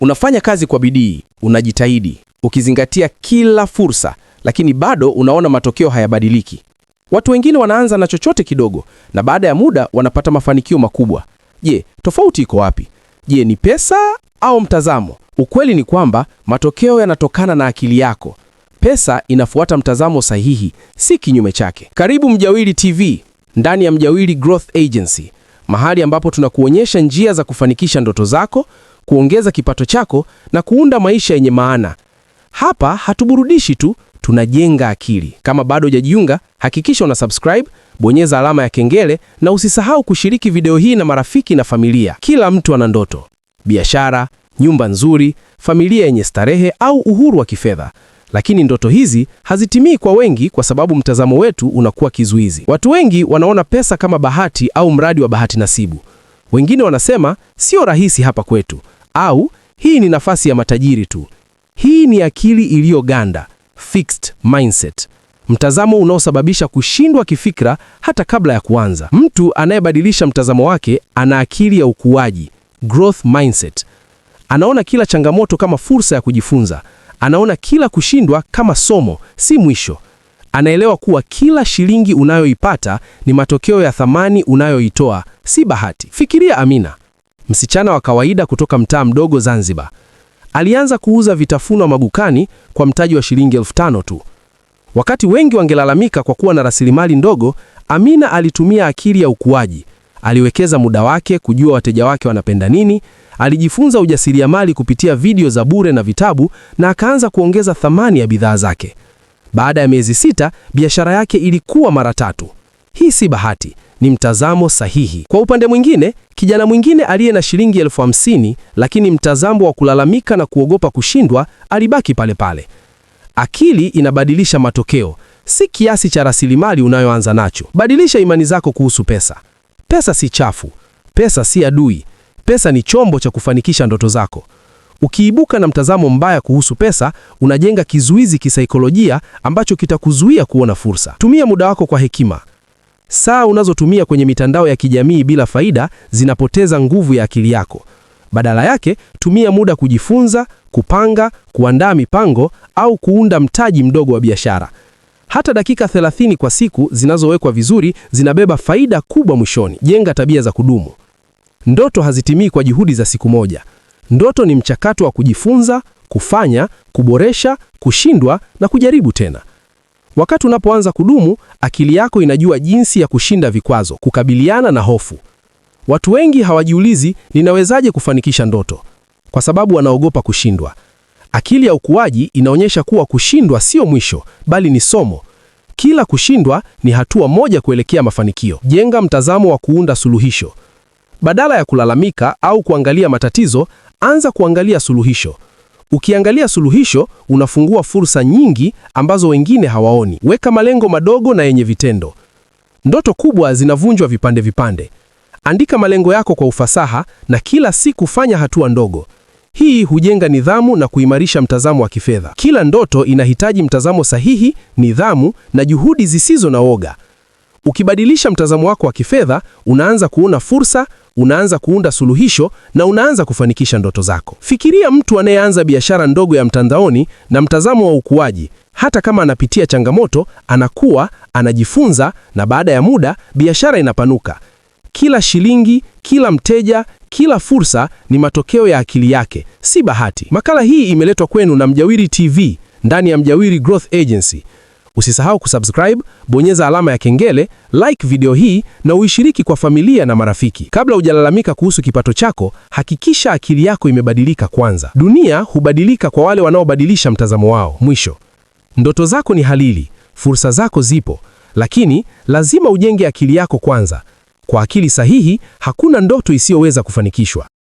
Unafanya kazi kwa bidii, unajitahidi, ukizingatia kila fursa, lakini bado unaona matokeo hayabadiliki. Watu wengine wanaanza na chochote kidogo na baada ya muda wanapata mafanikio makubwa. Je, tofauti iko wapi? Je, ni pesa au mtazamo? Ukweli ni kwamba matokeo yanatokana na akili yako. Pesa inafuata mtazamo sahihi, si kinyume chake. Karibu mjawili TV, ndani ya mjawili Growth Agency, mahali ambapo tunakuonyesha njia za kufanikisha ndoto zako kuongeza kipato chako na kuunda maisha yenye maana. Hapa hatuburudishi tu, tunajenga akili. Kama bado hujajiunga, hakikisha una subscribe, bonyeza alama ya kengele na usisahau kushiriki video hii na marafiki na familia. Kila mtu ana ndoto: biashara, nyumba nzuri, familia yenye starehe au uhuru wa kifedha. Lakini ndoto hizi hazitimii kwa wengi kwa sababu mtazamo wetu unakuwa kizuizi. Watu wengi wanaona pesa kama bahati au mradi wa bahati nasibu. Wengine wanasema sio rahisi hapa kwetu au hii ni nafasi ya matajiri tu. Hii ni akili iliyoganda, fixed mindset, mtazamo unaosababisha kushindwa kifikra hata kabla ya kuanza. Mtu anayebadilisha mtazamo wake ana akili ya ukuaji, growth mindset. Anaona kila changamoto kama fursa ya kujifunza. Anaona kila kushindwa kama somo, si mwisho. Anaelewa kuwa kila shilingi unayoipata ni matokeo ya thamani unayoitoa, si bahati. Fikiria Amina msichana wa kawaida kutoka mtaa mdogo Zanzibar. Alianza kuuza vitafunwa magukani kwa mtaji wa shilingi elfu tano tu. Wakati wengi wangelalamika kwa kuwa na rasilimali ndogo, Amina alitumia akili ya ukuaji. Aliwekeza muda wake kujua wateja wake wanapenda nini, alijifunza ujasiriamali kupitia video za bure na vitabu, na akaanza kuongeza thamani ya bidhaa zake. Baada ya miezi sita, biashara yake ilikuwa mara tatu. Hii si bahati, ni mtazamo sahihi. Kwa upande mwingine, kijana mwingine aliye na shilingi elfu hamsini lakini mtazamo wa kulalamika na kuogopa kushindwa alibaki pale pale. Akili inabadilisha matokeo, si kiasi cha rasilimali unayoanza nacho. Badilisha imani zako kuhusu pesa. Pesa si chafu, pesa si adui, pesa ni chombo cha kufanikisha ndoto zako. Ukiibuka na mtazamo mbaya kuhusu pesa, unajenga kizuizi kisaikolojia ambacho kitakuzuia kuona fursa. Tumia muda wako kwa hekima. Saa unazotumia kwenye mitandao ya kijamii bila faida zinapoteza nguvu ya akili yako. Badala yake, tumia muda kujifunza, kupanga, kuandaa mipango au kuunda mtaji mdogo wa biashara. Hata dakika 30 kwa siku zinazowekwa vizuri zinabeba faida kubwa mwishoni. Jenga tabia za kudumu. Ndoto hazitimii kwa juhudi za siku moja. Ndoto ni mchakato wa kujifunza, kufanya, kuboresha, kushindwa na kujaribu tena. Wakati unapoanza kudumu, akili yako inajua jinsi ya kushinda vikwazo, kukabiliana na hofu. Watu wengi hawajiulizi ninawezaje kufanikisha ndoto, kwa sababu wanaogopa kushindwa. Akili ya ukuaji inaonyesha kuwa kushindwa sio mwisho, bali ni somo. Kila kushindwa ni hatua moja kuelekea mafanikio. Jenga mtazamo wa kuunda suluhisho. Badala ya kulalamika au kuangalia matatizo, anza kuangalia suluhisho. Ukiangalia suluhisho, unafungua fursa nyingi ambazo wengine hawaoni. Weka malengo madogo na yenye vitendo. Ndoto kubwa zinavunjwa vipande vipande. Andika malengo yako kwa ufasaha na kila siku fanya hatua ndogo. Hii hujenga nidhamu na kuimarisha mtazamo wa kifedha. Kila ndoto inahitaji mtazamo sahihi, nidhamu na juhudi zisizo na woga. Ukibadilisha mtazamo wako wa kifedha, unaanza kuona fursa, unaanza kuunda suluhisho na unaanza kufanikisha ndoto zako. Fikiria mtu anayeanza biashara ndogo ya mtandaoni na mtazamo wa ukuaji. Hata kama anapitia changamoto, anakuwa, anajifunza na baada ya muda biashara inapanuka. Kila shilingi, kila mteja, kila fursa ni matokeo ya akili yake, si bahati. Makala hii imeletwa kwenu na Mjawiri TV ndani ya Mjawiri Growth Agency. Usisahau kusubscribe, bonyeza alama ya kengele, like video hii na uishiriki kwa familia na marafiki. Kabla hujalalamika kuhusu kipato chako, hakikisha akili yako imebadilika kwanza. Dunia hubadilika kwa wale wanaobadilisha mtazamo wao. Mwisho, ndoto zako ni halali, fursa zako zipo, lakini lazima ujenge akili yako kwanza. Kwa akili sahihi, hakuna ndoto isiyoweza kufanikishwa.